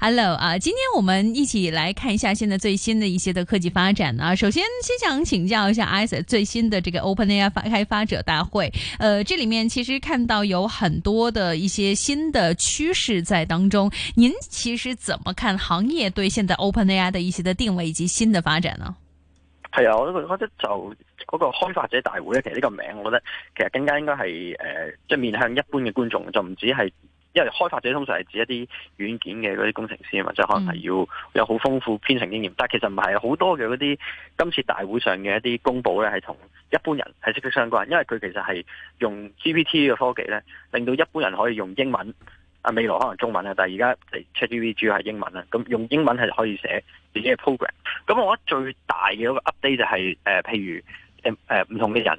Hello 啊，今天我們一起來看一下現在最新的一些的科技發展啊。首先，先想請教一下 i s a 最新的這個 OpenAI 發開發者大會，呃，這裏面其實看到有很多的一些新的趨勢在當中。您其實怎麼看行業對現在 OpenAI 的一些的定位以及新的發展呢、啊？係啊，我覺得就嗰個開發者大會咧，其實呢個名，我覺得其實更加應該係誒，即、呃、係面向一般嘅觀眾，就唔止係。因為開發者通常係指一啲軟件嘅嗰啲工程師啊嘛，即係可能係要有好豐富編程經驗。但係其實唔係，好多嘅嗰啲今次大會上嘅一啲公佈咧，係同一般人係息息相關。因為佢其實係用 GPT 嘅科技咧，令到一般人可以用英文啊，未來可能中文啊，但係而家 ChatGPT 主要係英文啊，咁用英文係可以寫自己嘅 program。咁我覺得最大嘅一個 update 就係誒，譬如誒誒唔同嘅人。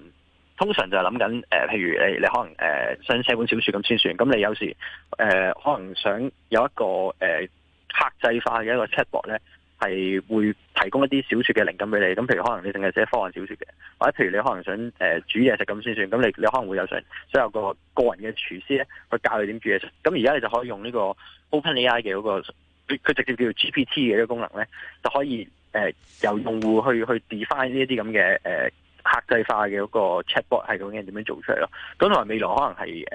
通常就係諗緊，譬如你你可能誒、呃、想寫本小說咁先算，咁你有時誒、呃、可能想有一個誒、呃、客製化嘅一個 Chatboard，咧，係會提供一啲小說嘅靈感俾你。咁譬如可能你淨係寫科幻小說嘅，或者譬如你可能想、呃、煮嘢食咁先算，咁你你可能會有想想有個個人嘅廚師咧去教你點煮嘢食。咁而家你就可以用呢個 OpenAI 嘅嗰個佢直接叫做 GPT 嘅一個功能咧，就可以誒、呃、由用戶去去 define 呢一啲咁嘅誒客製化嘅嗰個 chatbot 係究竟點樣做出嚟咯？咁同埋未來可能係誒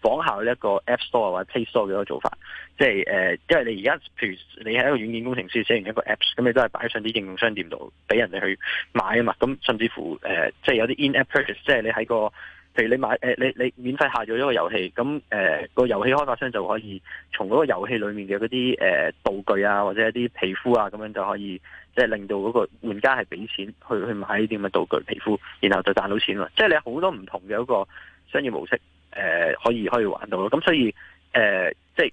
仿效呢一個 app store 或者 play store 嘅一個做法，即係誒，因為你而家譬如你喺一個軟件工程師寫完一個 apps，咁你都係擺上啲應用商店度俾人哋去買啊嘛。咁甚至乎誒，即、呃、係、就是、有啲 in-app purchase，即係你喺個。譬如你買誒，你你免費下載咗個遊戲，咁誒、呃個遊戲開發商就可以從嗰個遊戲裏面嘅嗰啲誒道具啊，或者一啲皮膚啊，咁樣就可以即係令到嗰個玩家係俾錢去去買呢啲咁嘅道具皮膚，然後就賺到錢啦。即係你好多唔同嘅一個商業模式誒、呃，可以可以玩到咯。咁所以誒，即、呃、係、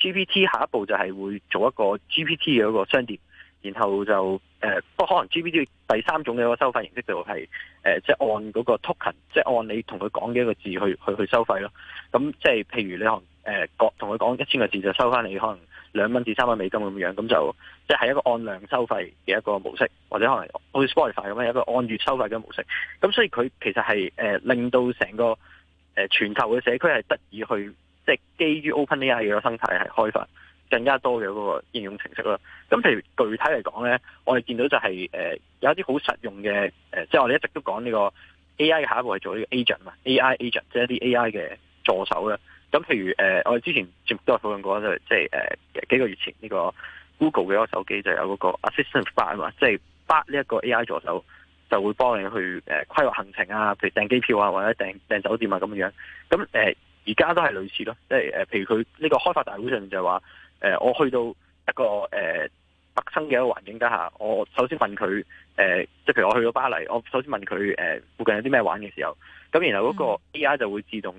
就是、GPT 下一步就係會做一個 GPT 嘅一個商店。然後就誒，不、呃、過可能 GPT 第三種嘅個收費形式就係、是、誒，即、呃、係、就是、按嗰個 token，即係按你同佢講嘅一個字去去去收費咯。咁即係譬如你可能誒，同佢講一千個字就收翻你可能兩蚊至三蚊美金咁樣，咁就即係、就是、一個按量收費嘅一個模式，或者可能好似 Spotify 咁樣一個按月收費嘅模式。咁所以佢其實係、呃、令到成個、呃、全球嘅社區係得以去即係、就是、基於 OpenAI 嘅生態係開發更加多嘅嗰個應用程式啦。咁譬如具體嚟講咧，我哋見到就係、是、誒、呃、有一啲好實用嘅誒，即、呃、係、就是、我哋一直都講呢個 A.I. 嘅下一步係做呢個 agent 嘛，A.I. agent 即係一啲 A.I. 嘅助手啦。咁譬如誒、呃，我哋之前節目都係討論過，就即係誒幾個月前呢、這個 Google 嘅一個手機就有嗰個 Assistant Bot 嘛，即係 Bot 呢一個 A.I. 助手就會幫你去誒規劃行程啊，譬如訂機票啊，或者訂訂酒店啊咁樣。咁誒而家都係類似咯，即係誒譬如佢呢個開發大會上就話。誒，我去到一個誒陌生嘅一個環境底下，我首先問佢誒，即係譬如我去到巴黎，我首先問佢誒附近有啲咩玩嘅時候，咁然後嗰個 AR 就會自動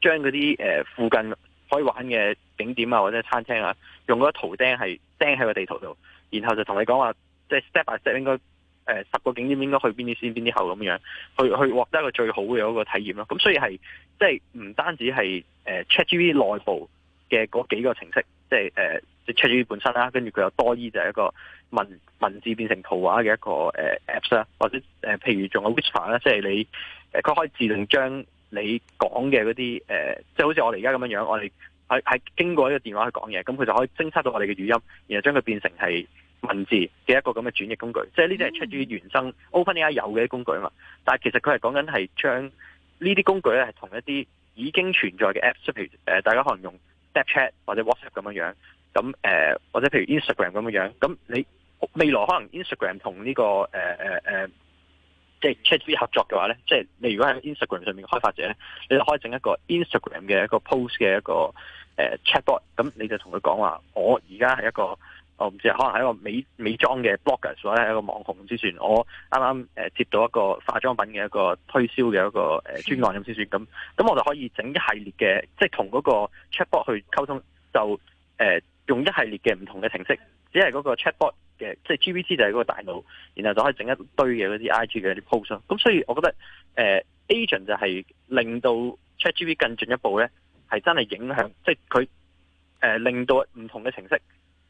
將嗰啲誒附近可以玩嘅景點啊，或者餐廳啊，用嗰個圖釘係釘喺個地圖度，然後就同你講話，即係 step by step 應該誒十個景點應該去邊啲先，邊啲後咁樣，去去獲得一個最好嘅一個體驗咯。咁所以係即係唔單止係誒 ChatGPT 內部嘅嗰幾個程式。即係誒，即係出於本身啦，跟住佢又多於、e、就係一個文文字變成圖畫嘅一個誒 Apps 啦，呃、APP, 或者誒、呃、譬如仲有 Whisper 即係你誒佢、呃、可以自動將你講嘅嗰啲誒，即係好似我哋而家咁樣樣，我哋係係經過一個電話去講嘢，咁佢就可以偵測到我哋嘅語音，然後將佢變成係文字嘅一個咁嘅轉譯工具。即係呢啲係出於原生、mm-hmm. OpenAI 有嘅工具啊嘛，但係其實佢係講緊係將呢啲工具咧係同一啲已經存在嘅 Apps，即係譬如誒、呃、大家可能用。Snapchat 或者 WhatsApp 咁樣，咁誒、呃、或者譬如 Instagram 咁樣，咁你未來可能 Instagram 同呢、這個誒誒誒，即係 ChatGPT 合作嘅話咧，即、就、係、是、你如果喺 Instagram 上面嘅開發者咧，你就可以整一個 Instagram 嘅一個 post 嘅一個誒 chatbot，咁你就同佢講話，我而家係一個。我唔知，可能係一個美美妝嘅 bloggers 或者係一個網紅，之前我啱啱誒接到一個化妝品嘅一個推銷嘅一個專案咁先算咁。咁我就可以整一系列嘅，即係同嗰個 chatbot 去溝通，就誒用一系列嘅唔同嘅程式，只係嗰個 chatbot 嘅，即係 GPT 就係、是、嗰個大腦，然後就可以整一堆嘅嗰啲 IG 嘅啲 post。咁所以我覺得誒、呃、agent 就係令到 ChatGPT 更進一步咧，係真係影響，即係佢誒令到唔同嘅程式。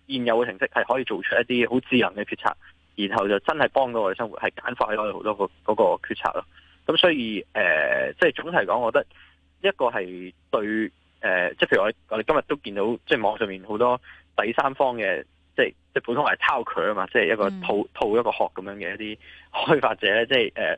現有嘅程式係可以做出一啲好智能嘅決策，然後就真係幫到我哋生活，係簡化咗好多個嗰個決策咯。咁所以誒，即、呃、係總體嚟講，我覺得一個係對誒，即、呃、係、就是、譬如我我哋今日都見到，即、就、係、是、網上面好多第三方嘅，即係即係普通係抄佢啊嘛，即、嗯、係、就是、一個套套一個殼咁樣嘅一啲開發者咧，即係誒，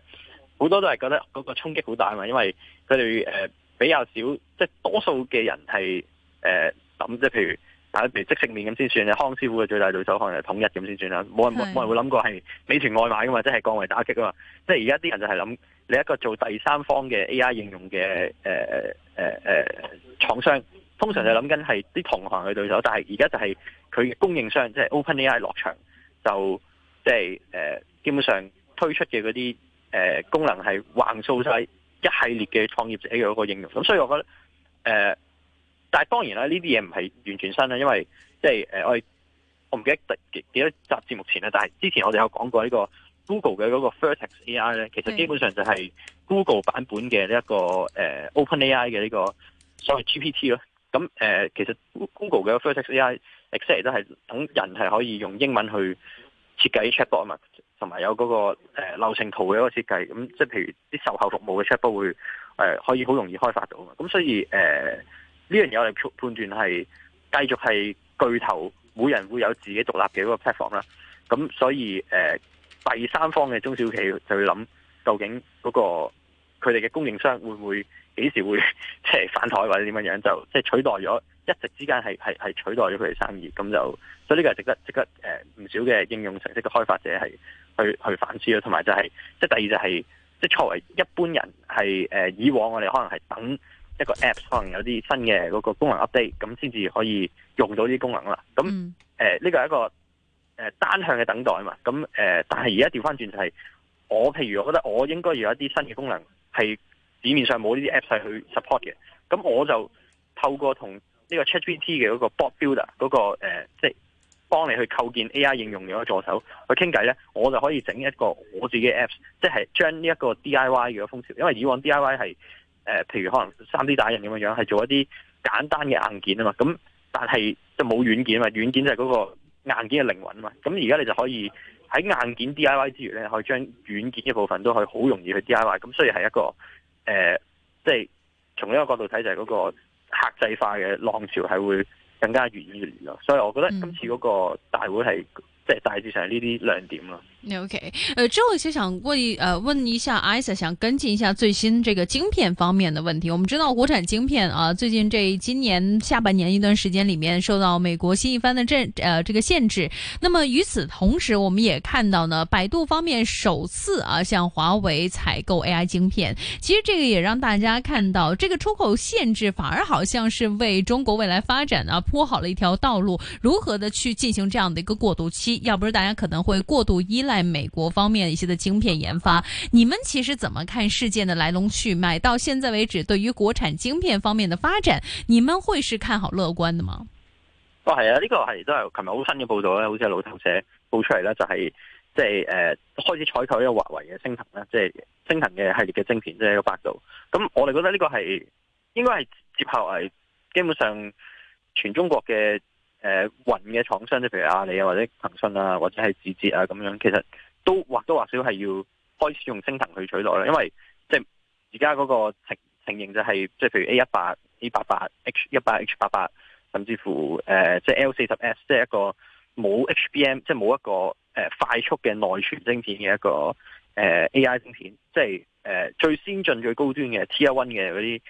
好、呃、多都係覺得嗰個衝擊好大啊嘛，因為佢哋誒比較少，即係多數嘅人係誒諗，即係譬如。譬如即食麵咁先算，康師傅嘅最大對手可能係統一咁先算啦。冇人冇人會諗過係美團外賣啊嘛，即係降維打擊啊嘛。即係而家啲人就係諗你一個做第三方嘅 AI 應用嘅誒誒誒廠商，通常就諗緊係啲同行嘅對手，但係而家就係佢嘅供應商，即係 OpenAI 落場，就即係誒、呃、基本上推出嘅嗰啲誒功能係橫掃晒一系列嘅創業者嘅一個應用。咁所以我覺得誒。呃但係當然啦，呢啲嘢唔係完全新啦，因為即係誒我哋我唔記得第幾幾多集節目前啦，但係之前我哋有講過呢個 Google 嘅嗰個 Vertex AI 咧，其實基本上就係 Google 版本嘅呢一個誒、呃、OpenAI 嘅呢、這個所謂 GPT 咯。咁、嗯、誒、呃、其實 Google 嘅 Vertex AI，exactly 都係等人係可以用英文去設計 chatbot 啊嘛，同埋有嗰、那個、呃、流程圖嘅一個設計。咁、嗯、即係譬如啲售後服務嘅 chatbot 會誒、呃、可以好容易開發到，咁所以誒。呃呢樣嘢我哋判斷斷係繼續係巨頭，每人會有自己獨立嘅嗰個 platform 啦。咁所以誒、呃，第三方嘅中小企就會諗究竟嗰個佢哋嘅供應商會唔會幾時會即係反台或者點樣樣，就即、係、係取代咗一直之間係係係取代咗佢哋生意。咁就所以呢個係值得值得誒唔、呃、少嘅應用程式嘅開發者係去去反思咯，同埋就係即係第二就係即係作為一般人係誒、呃、以往我哋可能係等。一個 apps 可能有啲新嘅個功能 update，咁先至可以用到啲功能啦。咁呢、mm. 呃這個係一個、呃、單向嘅等待啊嘛。咁、呃、但係而家調翻轉就係、是、我，譬如我覺得我應該要有一啲新嘅功能，係市面上冇呢啲 apps 去 support 嘅。咁我就透過同呢個 ChatGPT 嘅嗰個 bot builder 嗰、那個即係幫你去構建 AI 應用嘅助手去傾偈咧，我就可以整一個我自己 apps，即係將呢一個 DIY 嘅風潮，因為以往 DIY 係。誒、呃，譬如可能三 D 打印咁樣樣，係做一啲簡單嘅硬件啊嘛。咁但係就冇軟件啊嘛，軟件就係嗰個硬件嘅靈魂啊嘛。咁而家你就可以喺硬件 DIY 之餘咧，可以將軟件嘅部分都可以好容易去 DIY。咁雖然係一個誒，即、呃、係、就是、從呢個角度睇就係嗰個客製化嘅浪潮係會更加越演越烈。所以我覺得今次嗰個大會係即係大致上係呢啲亮點啦。OK，呃，之後其實想問呃問一下 ISA 想跟進一下最新這個晶片方面的問題。我們知道國產晶片啊，最近這今年下半年一段時間裏面，受到美國新一番的政呃這個限制。那麼與此同時，我們也看到呢，百度方面首次啊向華為採購 AI 晶片。其實這個也讓大家看到，這個出口限制反而好像是為中國未來發展啊鋪好了一條道路。如何的去進行這樣的一個過渡期？要不是大家可能會過度依賴。在美國方面一些的晶片研發，你們其實怎麼看事件的來龍去脈？到現在為止，對於國產晶片方面的發展，你們會是看好樂觀的嗎？哦，係啊，呢個係都係琴日好新嘅報道咧，好似係路透社報出嚟咧，就係即係誒開始採購一個華為嘅升騰啦，即係升騰嘅系列嘅晶片，即係一個百度。咁我哋覺得呢個係應該係接下嚟，基本上全中國嘅。誒、呃、雲嘅廠商，即譬如阿里啊，或者騰訊啊，或者係字節啊咁樣，其實都或多或少係要開始用昇騰去取代啦。因為即係而家嗰個情情形就係、是，即係譬如 A 一八、A 八八、H 一八、H 八八，甚至乎誒即係 L 四十 S，即係一個冇 HBM，即係冇一個誒快速嘅內存晶片嘅一個誒、呃、AI 晶片，即係誒最先進、最高端嘅 Tier One 嘅嗰啲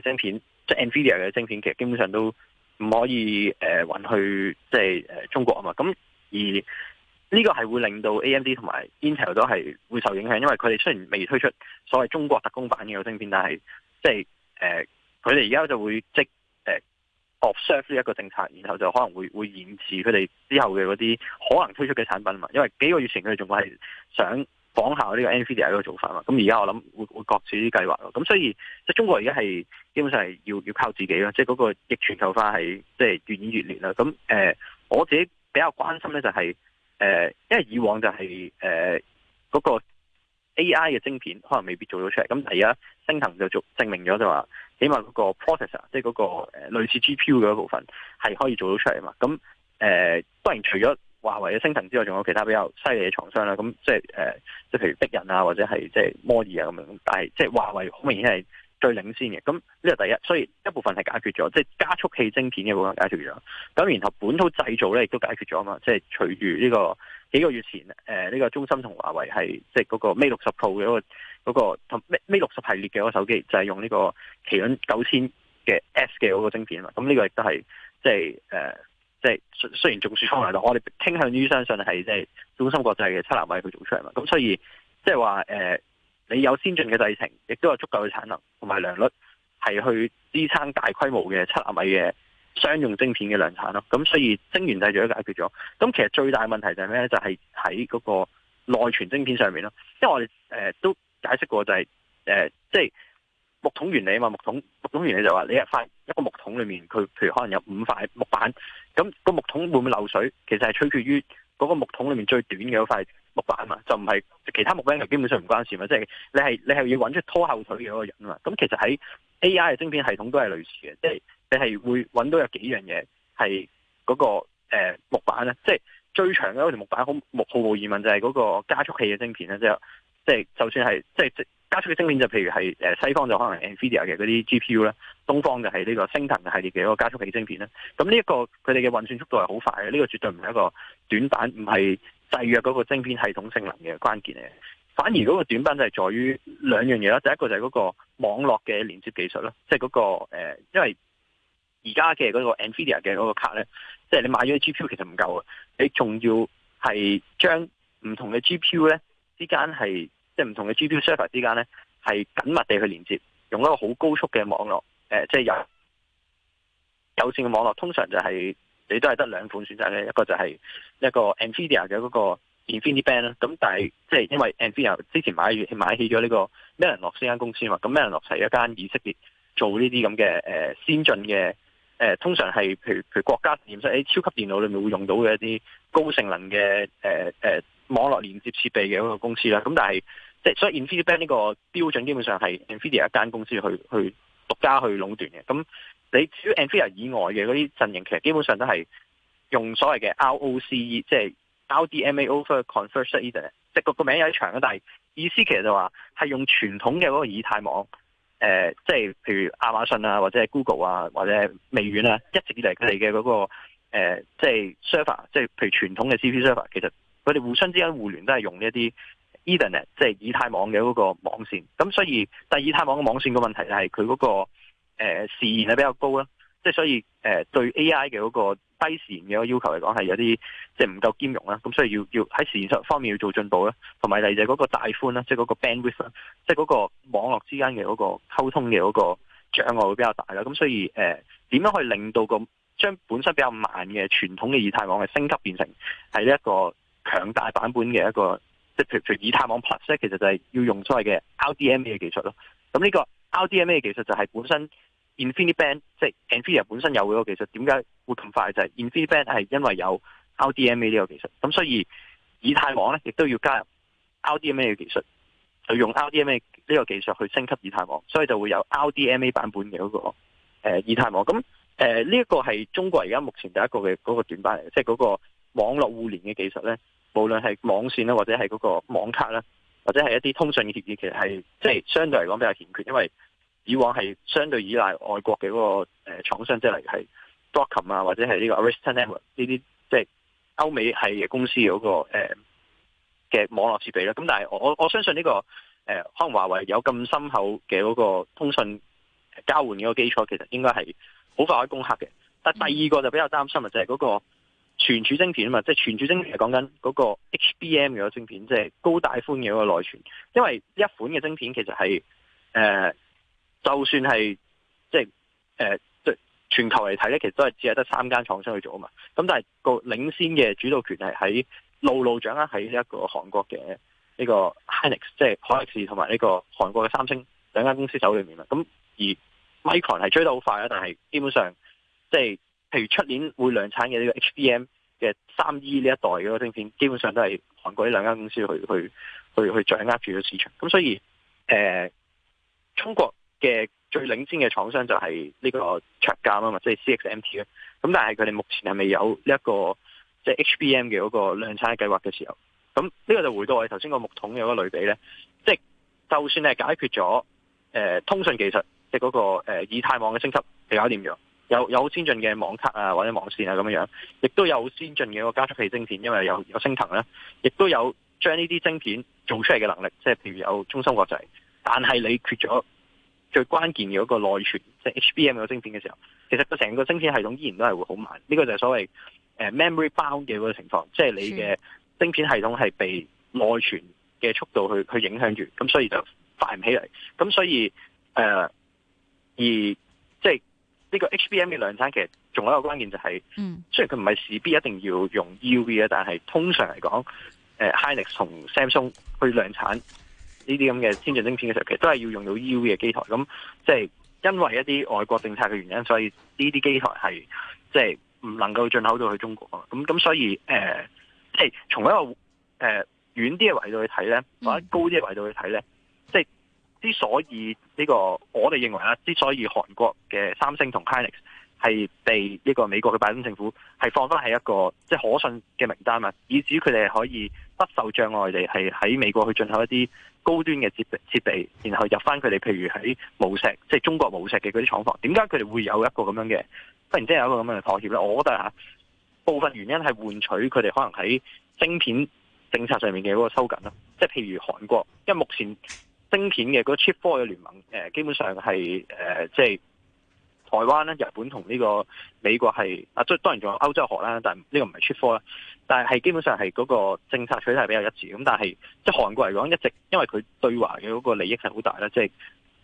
誒晶片，即、就、係、是、NVIDIA 嘅晶片，其實基本上都唔可以誒運、呃、去即係、呃、中國啊嘛，咁而呢個係會令到 AMD 同埋 Intel 都係會受影響，因為佢哋雖然未推出所謂中國特供版嘅嗰個晶片，但係即係誒佢哋而家就會即誒、呃、observe 呢一個政策，然後就可能會會延遲佢哋之後嘅嗰啲可能推出嘅產品啊嘛，因為幾個月前佢哋仲係想。仿效呢個 Nvidia 呢個做法嘛，咁而家我諗會會各自啲計劃咯。咁所以即係中國而家係基本上係要要靠自己啦，即係嗰個逆全球化係即係越演越烈啦。咁誒、呃、我自己比較關心咧就係、是、誒、呃，因為以往就係誒嗰個 AI 嘅晶片可能未必做到出嚟，咁而家昇騰就做證明咗就話，起碼嗰個 processor 即係嗰個誒類似 GPU 嘅一部分係可以做到出嚟嘛。咁誒、呃、當然除咗。華為嘅升騰之外，仲有其他比較犀利嘅廠商啦。咁即係誒，即、呃、係譬如壁仞啊，或者係即係摩爾啊咁樣。但係即係華為好明顯係最領先嘅。咁呢個第一，所以一部分係解決咗，即、就、係、是、加速器晶片嘅部分解決咗。咁然後本土製造咧亦都解決咗啊嘛。即、就、係、是、隨住呢個幾個月前誒呢、呃這個中芯同華為係即係嗰個 Mate 六十 Pro 嘅嗰、那個同、那個、Mate Mate 六十系列嘅嗰個手機就係用呢個麒麟九千嘅 S 嘅嗰個晶片啊嘛。咁呢個亦都係即係誒。呃即係雖然中樹方嚟到，我哋傾向於相信係即係中心國際嘅七納米去做出嚟嘛，咁所以即係話誒，你有先進嘅製程，亦都有足夠嘅產能同埋良率，係去支撐大規模嘅七納米嘅商用晶片嘅量產咯。咁所以晶圓製造都解決咗，咁其實最大嘅問題就係咩咧？就係喺嗰個內存晶片上面咯。因為我哋誒都解釋過就係、是、誒，即、呃、係、就是、木桶原理啊嘛。木桶木桶原理就話你一塊一個木桶裡面佢譬如可能有五塊木板。咁個木桶會唔會漏水，其實係取決於嗰個木桶裏面最短嘅嗰塊木板啊，就唔係其他木板就基本上唔關事嘛。即係你係你係要揾出拖後腿嘅嗰個人啊。咁其實喺 AI 嘅晶片系統都係類似嘅，即係你係會揾到有幾樣嘢係嗰個、呃、木板咧，即係最長嗰條木板，好無毫無疑問就係嗰個加速器嘅晶片咧，即係。即係就算係即係即加速嘅芯片就譬如係誒西方就可能 NVIDIA 嘅嗰啲 GPU 啦，東方就係呢個昇騰系列嘅一個加速器芯片啦。咁呢一個佢哋嘅運算速度係好快嘅，呢個絕對唔係一個短板，唔係制約嗰個晶片系統性能嘅關鍵嚟嘅。反而嗰個短板就係在於兩樣嘢啦，第一個就係嗰個網絡嘅連接技術啦，即係嗰個、呃、因為而家嘅嗰個 NVIDIA 嘅嗰個卡咧，即係你買咗啲 GPU 其實唔夠啊，你仲要係將唔同嘅 GPU 咧之間係。即係唔同嘅 GPU server 之間咧，係緊密地去連接，用一個好高速嘅網絡。誒、呃，即係有有線嘅網絡，通常就係、是、你都係得兩款選擇咧。一個就係一個 NVIDIA 嘅嗰個 InfiniBand 啦。咁但係即係因為 NVIDIA 之前買買起咗呢個 Mellanox 呢間公司嘛，咁 Mellanox 係一間以色列做呢啲咁嘅誒先進嘅誒、呃，通常係譬如譬如國家實驗室喺、哎、超級電腦裏面會用到嘅一啲高性能嘅誒誒網絡連接設備嘅嗰個公司啦。咁但係即係所以，Infiniband 呢個標準基本上係 NVIDIA 一間公司去去獨家去壟斷嘅。咁你除 NVIDIA 以外嘅嗰啲陣營，其實基本上都係用所謂嘅 ROC，即係 RDMA over Converged Ethernet，即係個個名有啲長啦，但係意思其實就話係用傳統嘅嗰個以太網。呃、即係譬如亞馬遜啊，或者係 Google 啊，或者係微軟啊，一直以嚟佢哋嘅嗰個、呃、即係 server，即係譬如傳統嘅 CP server，其實佢哋互相之間互聯都係用呢一啲。Ethernet 即係以太網嘅嗰個網線，咁所以但係以太網嘅網線嘅問題就係佢嗰個誒、呃、時延係比較高啦，即、就、係、是、所以誒、呃、對 AI 嘅嗰個低時延嘅要求嚟講係有啲即係唔夠兼容啦，咁所以要要喺時延上方面要做進步啦，同埋第二就係嗰個帶寬啦，即係嗰個 bandwidth，即係嗰個網絡之間嘅嗰個溝通嘅嗰個障礙會比較大啦，咁所以誒點、呃、樣去令到個將本身比較慢嘅傳統嘅以太網嘅升級變成係呢一個強大版本嘅一個？即係譬如以太網 Plus 呢，其實就係要用所謂嘅 RDMA 嘅技術咯。咁呢個 RDMA 嘅技術就係本身 InfiniBand 即係 NVIDIA 本身有嗰個技術，點解會咁快就係、是、InfiniBand 係因為有 RDMA 呢個技術。咁所以以太網咧亦都要加入 RDMA 嘅技術，就用 RDMA 呢個技術去升級以太網，所以就會有 RDMA 版本嘅嗰、那個、呃、以太網。咁誒呢一個係中國而家目前第一個嘅嗰個短板嚟，即係嗰個網絡互聯嘅技術咧。無論係網線啦，或者係嗰個網卡啦，或者係一啲通訊嘅設備，其實係即係相對嚟講比較欠缺，因為以往係相對依賴外國嘅嗰、那個廠、呃、商，即係嚟係 Broadcom 啊，或者係呢個 Arista Networks 呢啲，即係歐美係公司嗰、那個嘅、呃、網絡設備啦。咁但係我我,我相信呢、這個、呃、可能華為有咁深厚嘅嗰個通訊交換嘅基礎，其實應該係好快可以攻克嘅。但第二個就比較擔心就係、是、嗰、那個。存儲晶片啊嘛，即係存儲晶片係講緊嗰個 HBM 嘅一個晶片，即係、就是、高帶寬嘅一個內存。因為一款嘅晶片其實係誒、呃，就算係即係即對全球嚟睇咧，其實都係只係得三間廠商去做啊嘛。咁但係個領先嘅主導權係喺牢牢掌握喺呢一個韓國嘅呢個 Hynix，即係海力士同埋呢個韓國嘅三星兩間公司手裏面啦。咁而 Micron 係追得好快啦，但係基本上即係。就是譬如出年會量產嘅呢個 HBM 嘅三 E 呢一代嗰個晶片，基本上都係韓國呢兩間公司去去去，去掌握住咗市場。咁所以，誒、呃，中國嘅最領先嘅廠商就係呢個長鑫啊或者係 CXMT 啊。咁但係佢哋目前係未有一、這個即係、就是、HBM 嘅嗰個量產計劃嘅時候，咁呢個就回到我哋頭先個木桶嘅一個類比咧。即、就、係、是、就算你解決咗誒、呃、通訊技術、那個，即係嗰個誒以太網嘅升級比較，你搞點樣？有有好先進嘅網卡啊，或者網線啊，咁樣樣，亦都有好先進嘅個加速器晶片，因為有有升騰啦，亦都有將呢啲晶片做出嚟嘅能力，即係譬如有中芯國際。但係你缺咗最關鍵嘅嗰個內存，即係 HBM 個晶片嘅時候，其實個成個晶片系統依然都係會好慢。呢個就係所謂 memory bound 嘅嗰個情況，即係你嘅晶片系統係被內存嘅速度去去影響住，咁所以就發唔起嚟。咁所以誒而呢、這個 HBM 嘅量產其實仲有一個關鍵就係，雖然佢唔係事必一定要用 EUV 啊、嗯，但係通常嚟講，誒 Hynix 同 Samsung 去量產呢啲咁嘅先進晶片嘅時候，其實都係要用到 EUV 嘅機台。咁即係因為一啲外國政策嘅原因，所以呢啲機台係即係唔能夠進口到去中國。咁咁所以誒，即、呃、係從一個誒、呃、遠啲嘅維度去睇咧，或者高啲嘅維度去睇咧。之所以呢、這個我哋認為啦，之所以韓國嘅三星同 Hynix 係被呢個美國嘅拜登政府係放翻係一個即係、就是、可信嘅名單啊，以至於佢哋可以不受障礙地係喺美國去進口一啲高端嘅設設備，然後入翻佢哋譬如喺無錫即係中國無錫嘅嗰啲廠房，點解佢哋會有一個咁樣嘅忽然之間有一個咁樣嘅妥協咧？我覺得吓部分原因係換取佢哋可能喺晶片政策上面嘅嗰個收緊啦，即、就、係、是、譬如韓國，因為目前。芯片嘅嗰個 Chip Four 嘅聯盟，誒基本上係誒即係台灣咧、日本同呢個美國係啊，即係當然仲有歐洲學啦，但係呢個唔係 Chip Four 啦，但係係基本上係嗰個政策取態係比較一致。咁但係即係韓國嚟講，一直因為佢對華嘅嗰個利益係好大啦，即係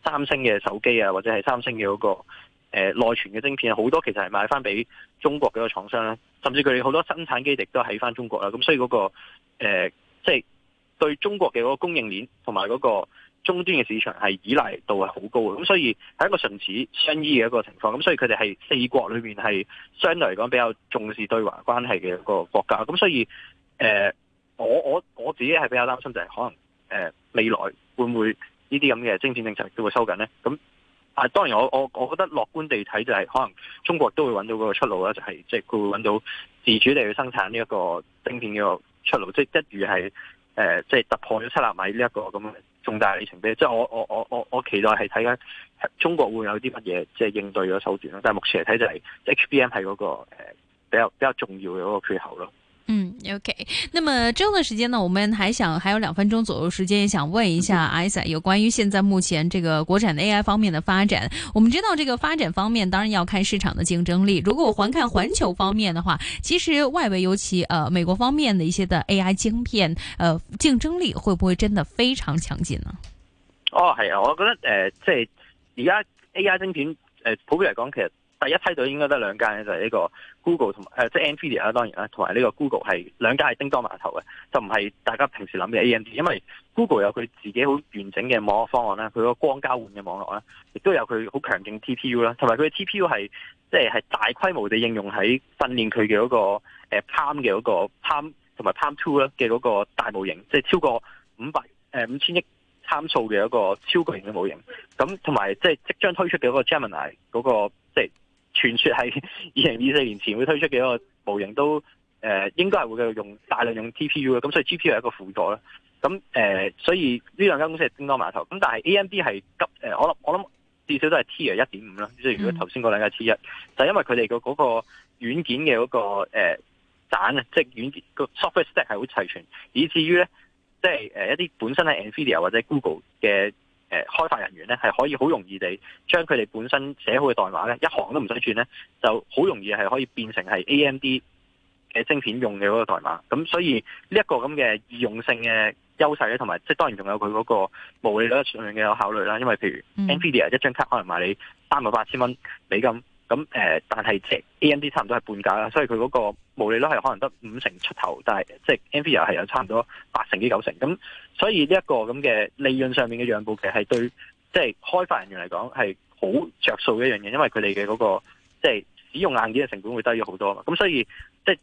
三星嘅手機啊，或者係三星嘅嗰個誒內存嘅芯片，好多其實係賣翻俾中國嘅個廠商啦，甚至佢哋好多生產基地都喺翻中國啦。咁所以嗰個誒即係對中國嘅嗰個供應鏈同埋嗰個。中端嘅市場係依賴度係好高嘅，咁所以係一個唇齒相依嘅一個情況。咁所以佢哋係四國裏面係相對嚟講比較重視對華關係嘅一個國家。咁所以，誒、呃，我我我自己係比較擔心就係可能誒、呃、未來會唔會呢啲咁嘅晶片政策都會收緊呢？咁啊，當然我我我覺得樂觀地睇就係可能中國都會揾到嗰個出路啦，就係即係佢會揾到自主地去生產呢一個晶片嘅出路，即、就、係、是、一如係誒即係突破咗七納米呢、這、一個咁嘅重大里程碑，即係我我我我我期待係睇緊中國會有啲乜嘢即係應對嘅手段咯。但係目前嚟睇就係 HBM 係嗰個呃比較比較重要嘅嗰個缺口咯。嗯，OK。那麼這段時間呢，我們還想還有兩分鐘左右時間，也想問一下 i sa 有關於現在目前這個國產的 AI 方面的發展。我們知道，這個發展方面當然要看市場的競爭力。如果環看環球方面的話，其實外圍尤其呃美國方面的一些的 AI 晶片，呃，競爭力會不會真的非常強勁呢？哦，係啊，我覺得，誒、呃，即係而家 AI 晶片，呃普遍嚟講，其實。第一梯隊應該得兩間咧，就係、是、呢個 Google 同誒即係 Nvidia 啦，當然啦，同埋呢個 Google 係兩間係叮噹馬頭嘅，就唔係大家平時諗嘅 AMD。因為 Google 有佢自己好完整嘅網絡方案啦，佢個光交換嘅網絡啦，亦都有佢好強勁 TPU 啦，同埋佢嘅 TPU 係即係大規模地應用喺訓練佢嘅嗰個 PaLM 嘅嗰個 PaLM 同埋 PaLM 2 two 啦嘅嗰個大模型，即、就、係、是、超過五百誒、呃、五千億參數嘅一個超巨型嘅模型。咁同埋即係即，即，即將推出嘅嗰個 Gemini 嗰、那個即係。就是傳說係二零二四年前會推出嘅一個模型都誒、呃、應該係會用大量用 TPU 嘅，咁所以 GPU 係一個輔助啦。咁、呃、所以呢兩間公司係叮噹馬頭。咁但係 AMD 係急誒、呃，我諗我諗至少都係 Tier 一點五啦。即係如果頭先嗰兩家 Tier 一，就係因為佢哋個嗰個軟件嘅嗰、那個誒盞啊，即、呃、係、mm. 軟件、那個 software stack 係好齊全，以至於咧，即、就、係、是、一啲本身係 Nvidia 或者 Google 嘅。誒開發人員咧係可以好容易地將佢哋本身寫好嘅代碼咧一行都唔使轉咧，就好容易係可以變成係 AMD 嘅晶片用嘅嗰個代碼。咁所以呢一個咁嘅易用性嘅優勢咧，同埋即係當然仲有佢嗰個毛利率上面嘅考慮啦。因為譬如 NVIDIA、嗯、一張卡可能賣你三萬八千蚊美金。咁、嗯、誒，但係即係 AMD 差唔多係半價啦，所以佢嗰個毛利率係可能得五成出頭，但係即係 NV 又係有差唔多八成至九成，咁所以呢一個咁嘅利潤上面嘅讓步，其實係對即係、就是、開發人員嚟講係好着數一樣嘢，因為佢哋嘅嗰個即係、就是、使用硬件嘅成本會低咗好多。咁所以即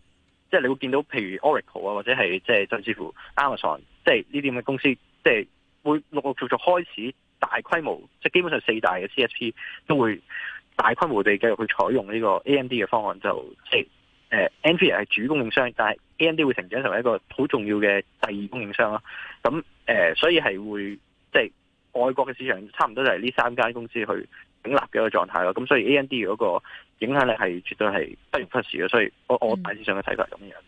即係你會見到，譬如 Oracle 啊，或者係即係甚至乎 Amazon，即係呢啲咁嘅公司，即、就、係、是、會陸陸續續開始大規模，即、就、係、是、基本上四大嘅 CSP 都會。大規模地繼續去採用呢個 AMD 嘅方案，就即係 NVIDIA 係主供應商，但係 AMD 會成長成為一個好重要嘅第二供應商咯。咁、啊、誒、呃，所以係會即係、就是、外國嘅市場差唔多就係呢三間公司去鼎立嘅一個狀態咯。咁所以 AMD 嗰個影響力係絕對係不容忽視嘅。所以我我大致上嘅睇法係咁樣。嗯